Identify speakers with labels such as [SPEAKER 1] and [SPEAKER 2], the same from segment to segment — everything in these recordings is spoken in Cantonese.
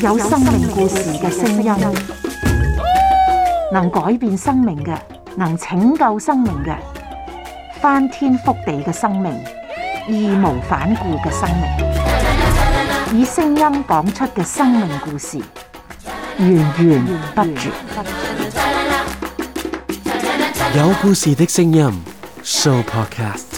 [SPEAKER 1] 有生命故事嘅聲音，能改變生命嘅，能拯救生命嘅，翻天覆地嘅生命，義無反顧嘅生命，以聲音講出嘅生命故事，
[SPEAKER 2] 源源不絕。有故事嘅聲音，Show Podcast。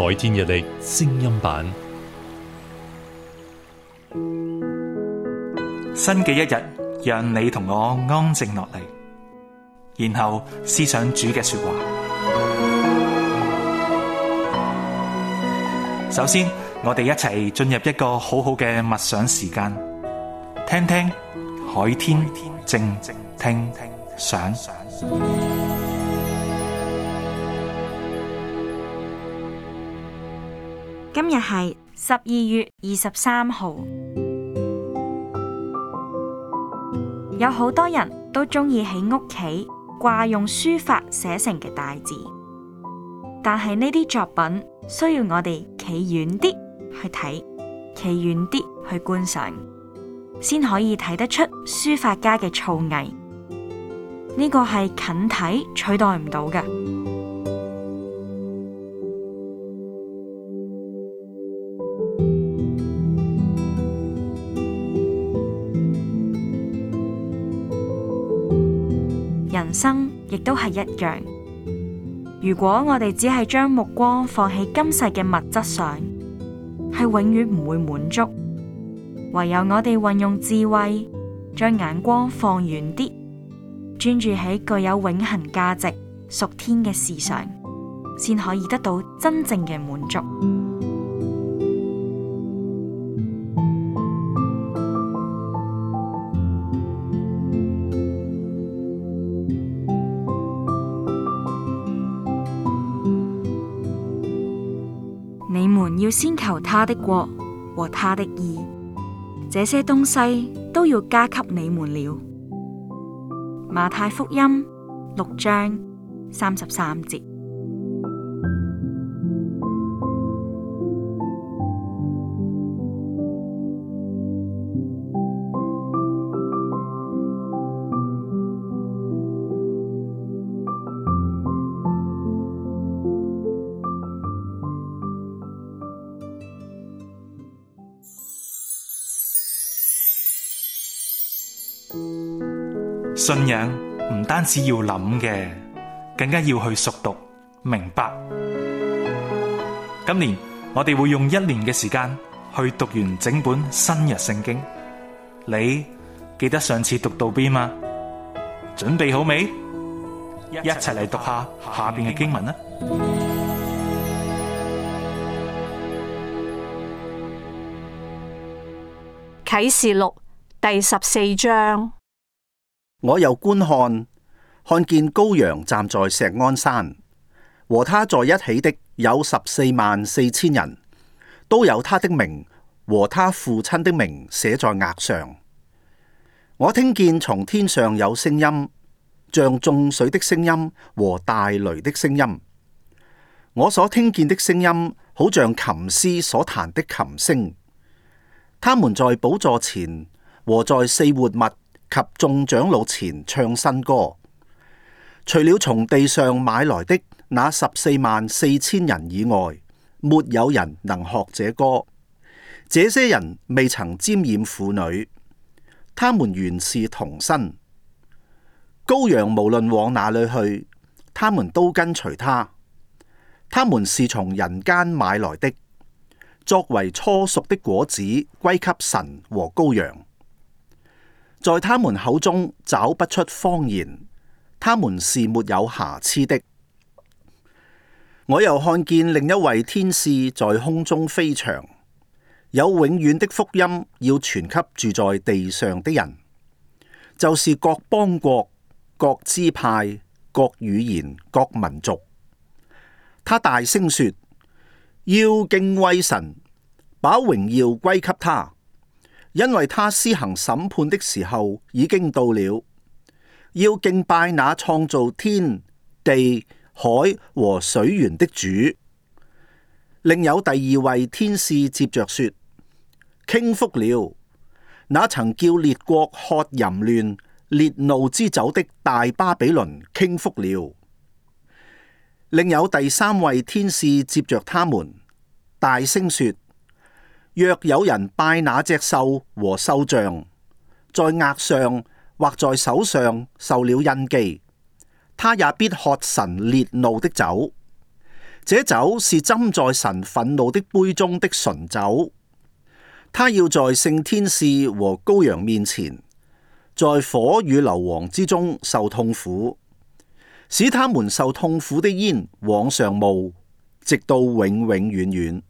[SPEAKER 2] 海天日曆聲音版，新嘅一日，讓你同我安靜落嚟，然後思想主嘅說話。首先，我哋一齊進入一個好好嘅默想時間，聽聽海天，靜靜聽聽想。
[SPEAKER 1] 今日係十二月二十三號，有好多人都鍾意喺屋企掛用書法寫成嘅大字，但係呢啲作品需要我哋企遠啲去睇，企遠啲去觀賞，先可以睇得出書法家嘅造詣。呢個係近睇取代唔到嘅。人生亦都係一樣。如果我哋只係將目光放喺今世嘅物質上，係永遠唔會滿足。唯有我哋運用智慧，將眼光放遠啲，專注喺具有永恒價值、屬天嘅事上，先可以得到真正嘅滿足。先求他的國和他的義，這些東西都要加給你們了。馬太福音六章三十三節。
[SPEAKER 2] 信仰唔單止要諗嘅，更加要去熟讀明白。今年我哋會用一年嘅時間去讀完整本新約聖經。你記得上次讀到邊嗎？準備好未？一齊嚟讀下下邊嘅經文啦！
[SPEAKER 1] 啟示錄。第十四章，
[SPEAKER 2] 我又觀看，看見羔羊站在錫安山，和他在一起的有十四萬四千人，都有他的名和他父親的名寫在額上。我聽見從天上有聲音，像眾水的聲音和大雷的聲音。我所聽見的聲音，好像琴師所彈的琴聲。他們在寶座前。和在四活物及眾長老前唱新歌。除了從地上買來的那十四萬四千人以外，沒有人能學這歌。這些人未曾沾染婦女，他們原是童身。羔羊無論往哪裏去，他們都跟隨他。他們是從人間買來的，作為初熟的果子歸給神和羔羊。在他們口中找不出謊言，他們是沒有瑕疵的。我又看見另一位天使在空中飛翔，有永遠的福音要傳給住在地上的人，就是各邦國、各支派、各語言、各民族。他大聲說：要敬畏神，把榮耀歸給他。因為他施行審判的時候已經到了，要敬拜那創造天地海和水源的主。另有第二位天使接着說：傾覆了那曾叫列國喝淫亂、烈怒之酒的大巴比倫，傾覆了。另有第三位天使接着他們大聲說。若有人拜那隻獸和獸像，在額上或在手上受了印記，他也必喝神烈怒的酒。這酒是斟在神憤怒的杯中的醇酒。他要在聖天使和羔羊面前，在火與硫磺之中受痛苦，使他們受痛苦的煙往上冒，直到永永遠遠，遠。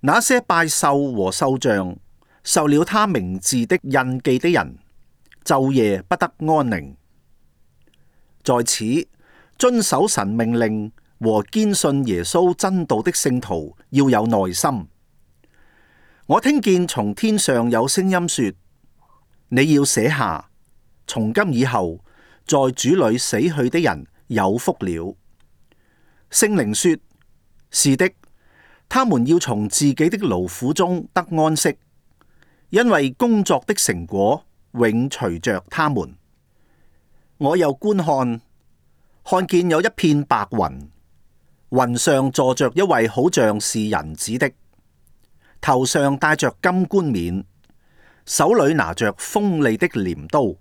[SPEAKER 2] 那些拜獸和獸像受了他名字的印記的人，晝夜不得安寧。在此遵守神命令和堅信耶穌真道的聖徒要有耐心。我聽見從天上有聲音說：你要寫下，從今以後，在主裏死去的人有福了。聖靈說：是的。他們要從自己的勞苦中得安息，因為工作的成果永隨着他們。我又觀看，看見有一片白雲，雲上坐着一位好像是人子的，頭上戴着金冠冕，手裏拿着鋒利的鐮刀。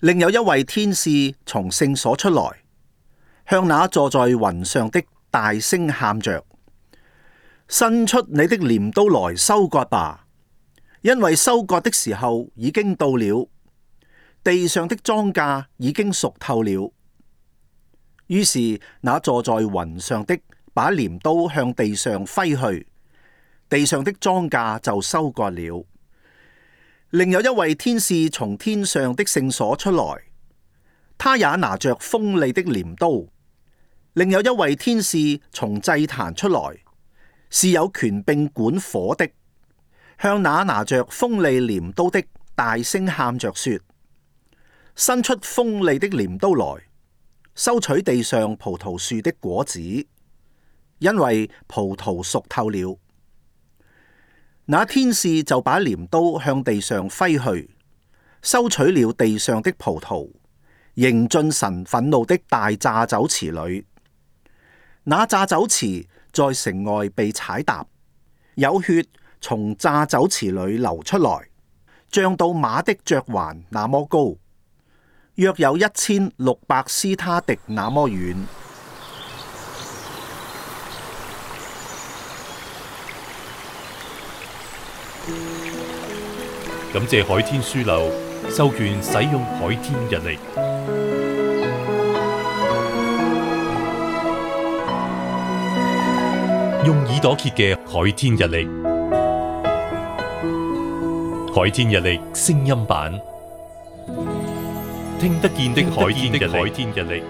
[SPEAKER 2] 另有一位天使從聖所出來，向那坐在雲上的大聲喊着。伸出你的鐮刀來收割吧，因為收割的時候已經到了，地上的莊稼已經熟透了。於是那坐在雲上的把鐮刀向地上揮去，地上的莊稼就收割了。另有一位天使從天上的聖所出來，他也拿着鋒利的鐮刀。另有一位天使從祭壇出來。是有權并管火的，向那拿着鋒利鐮刀的，大聲喊着說：伸出鋒利的鐮刀來，收取地上葡萄樹的果子，因為葡萄熟透了。那天使就把鐮刀向地上揮去，收取了地上的葡萄，迎進神憤怒的大榨酒池裏。那榨酒池。在城外被踩踏，有血從炸酒池裏流出來，漲到馬的腳環那麼高，約有一千六百斯他迪那麼遠。感謝海天書樓授權使用海天日曆。用耳朵揭嘅《海天日曆》，《海天日曆》聲音版，
[SPEAKER 1] 聽得見的《海
[SPEAKER 2] 天日曆》。